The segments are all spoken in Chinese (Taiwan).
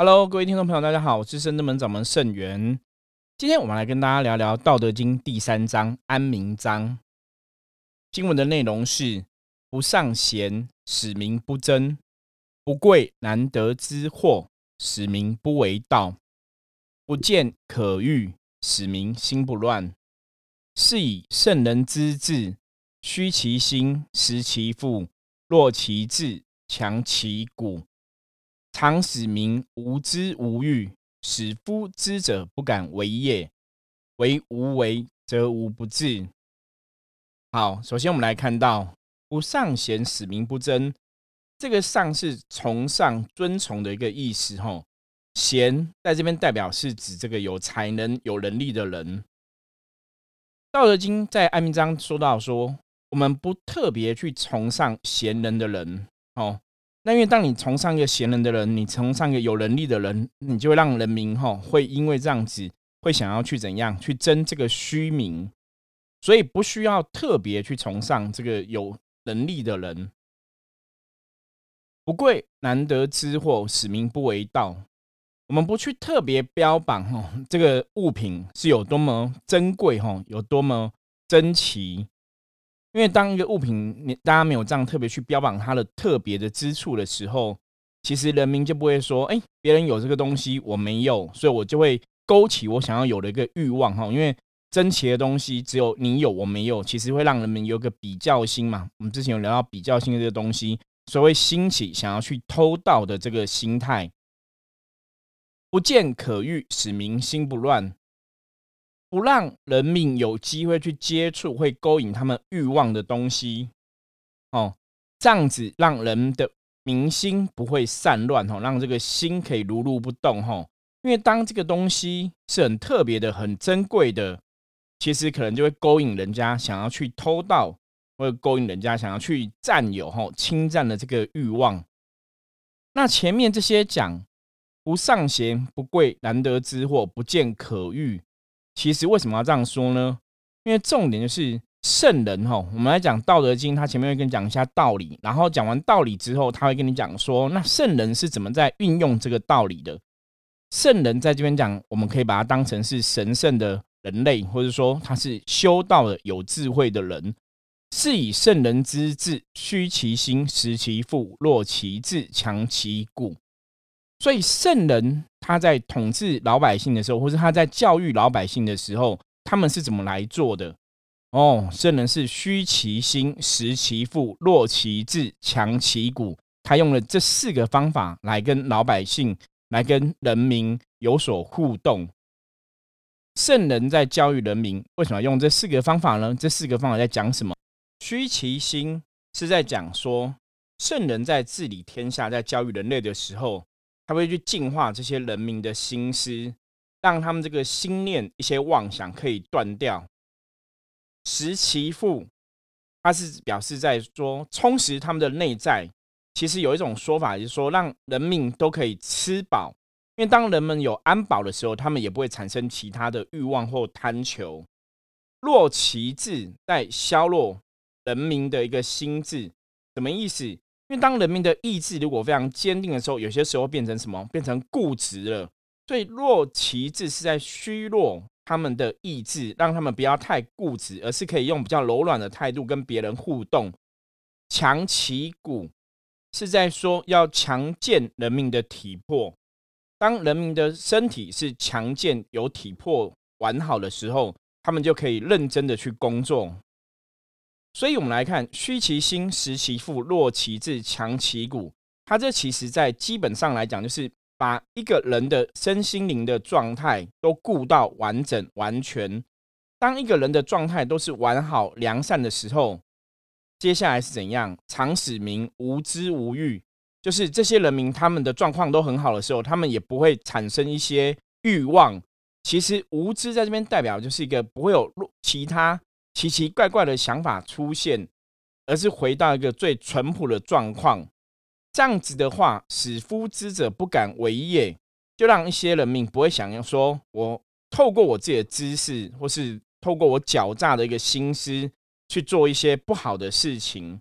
Hello，各位聽眾朋友，大家好，我是聖真門掌門聖元。今天我們來跟大家聊聊《道德經》第三章“安民章”。經文的內容是：不尚賢，使民不爭；不貴難得之貨，使民不為盜；不見可欲，使民心不亂。是以聖人之治，虛其心，實其腹，弱其志，強其骨。常使民無知無欲，使夫知者不敢為也。為無為，則無不治。好，首先我們來看到“不尚賢，使民不爭”。這個“尚”是崇尚、尊崇的一個意思，吼、哦。賢在這邊代表是指這個有才能、有能力的人。《道德經》在安民章說到說，我們不特別去崇尚賢能的人，哦。但因為，當你崇尚一個賢能的人，你崇尚一個有能力的人，你就讓人民哈會因為這樣子會想要去怎樣去爭這個虛名，所以不需要特別去崇尚這個有能力的人。不貴難得之貨，使民不為盜。我們不去特別標榜哈這個物品是有多麼珍貴哈，有多麼珍奇。因為當一個物品你大家沒有這樣特別去標榜它的特別的之處的時候，其實人民就不會說，哎，別人有這個東西我沒有，所以我就會勾起我想要有的一個慾望哈。因為珍奇的東西只有你有，我沒有，其實會讓人們有個比較心嘛。我們之前有聊到比較心的這個東西，所以會興起想要去偷盜的這個心態。不見可欲，使民心不亂。不讓人民有機會去接觸會勾引他們慾望的東西，哦，這樣子讓人的民心不會散亂，吼、哦，讓這個心可以如如不動、哦，因為當這個東西是很特別的、很珍貴的，其實可能就會勾引人家想要去偷盜，或者勾引人家想要去占有、哦、侵占的這個慾望。那前面這些講，不尚賢，不貴難得之貨，不見可欲。其實為什麼要這樣說呢？因為重點就是聖人哦，我們來講《道德經》，他前面會跟你講一下道理，然後講完道理之後，他會跟你講說，那聖人是怎麼在運用這個道理的。聖人在這邊講，我們可以把它當成是神聖的人類，或者說他是修道的、有智慧的人。是以聖人之治，虛其心，實其腹，弱其志，強其骨。所以聖人。他在統治老百姓的時候，或是他在教育老百姓的時候，他們是怎麼來做的？哦，聖人是虛其心，實其腹，弱其志，強其骨。他用了這四個方法來跟老百姓，來跟人民有所互動。聖人在教育人民，為什麼用這四個方法呢？這四個方法在講什麼？虛其心是在講說，聖人在治理天下，在教育人類的時候。他會去淨化這些人民的心思，讓他們這個心念一些妄想可以斷掉。實其腹，他是表示在說充實他們的內在。其實有一種說法就是說，讓人民都可以吃飽，因為當人們有安保的時候，他們也不會產生其他的欲望或貪求。弱其志，在削弱人民的一個心智，什麼意思？因為當人民的意志如果非常堅定的時候，有些時候變成什麼？變成固執了。所以弱其志是在虛弱他們的意志，讓他們不要太固執，而是可以用比較柔軟的態度跟別人互動。強其骨是在說要強健人民的體魄。當人民的身體是強健，有體魄完好的時候，他們就可以認真的去工作。所以，我們來看：虛其心，實其腹，弱其志，強其骨。它這其實在基本上來講，就是把一個人的身心靈的狀態都顧到完整、完全。當一個人的狀態都是完好、良善的時候，接下來是怎樣？常使民無知無欲，就是這些人民他們的狀況都很好的時候，他們也不會產生一些慾望。其實，無知在這邊代表就是一個不會有其他。奇奇怪怪的想法出現，而是回到一個最淳樸的狀況。這樣子的話，使夫知者不敢為也，就讓一些人民不會想要說，我透過我自己的知識，或是透過我狡詐的一個心思，去做一些不好的事情。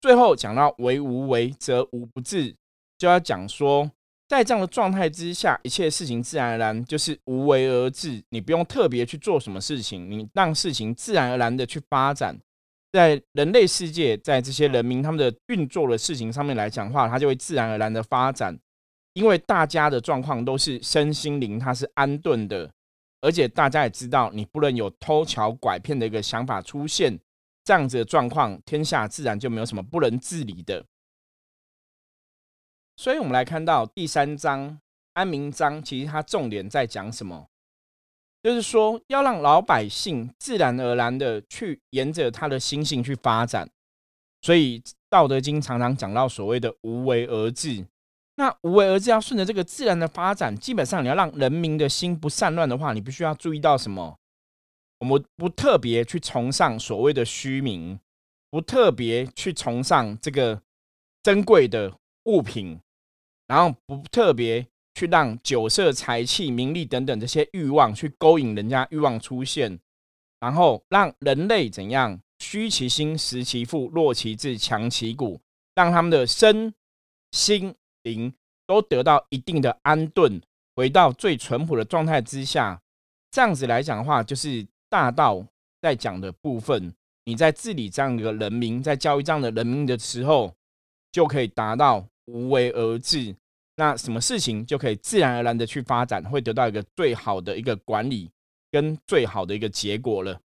最後講到為無為，則無不治，就要講說。在這樣的狀態之下，一切事情自然而然就是無為而治，你不用特別去做什麼事情，你讓事情自然而然的去發展。在人類世界，在這些人民他們的運作的事情上面來講的話，它就會自然而然的發展，因為大家的狀況都是身心靈它是安頓的，而且大家也知道，你不能有偷巧、拐騙的一個想法出現，這樣子的狀況，天下自然就沒有什麼不能治理的。所以，我們來看到第三章《安民章》，其實它重點在講什麼？就是說，要讓老百姓自然而然的去沿着他的心性去發展。所以，《道德經》常常講到所謂的“無為而治”。那“無為而治”要順着這個自然的發展，基本上你要讓人民的心不散亂的話，你必須要注意到什麼？我們不特別去崇尚所謂的虛名，不特別去崇尚這個珍貴的物品。然後不特別去讓酒色財氣名利等等這些慾望去勾引人家慾望出現，然後讓人類怎樣虛其心、實其腹、弱其志、強其骨，讓他們的身心靈都得到一定的安頓，回到最淳樸的狀態之下。這樣子來講的話，就是大道在講的部分。你在治理這樣一個人民，在教育這樣的人民的時候，就可以達到無為而治，那什麼事情就可以自然而然的去發展，會得到一個最好的一個管理跟最好的一個結果了。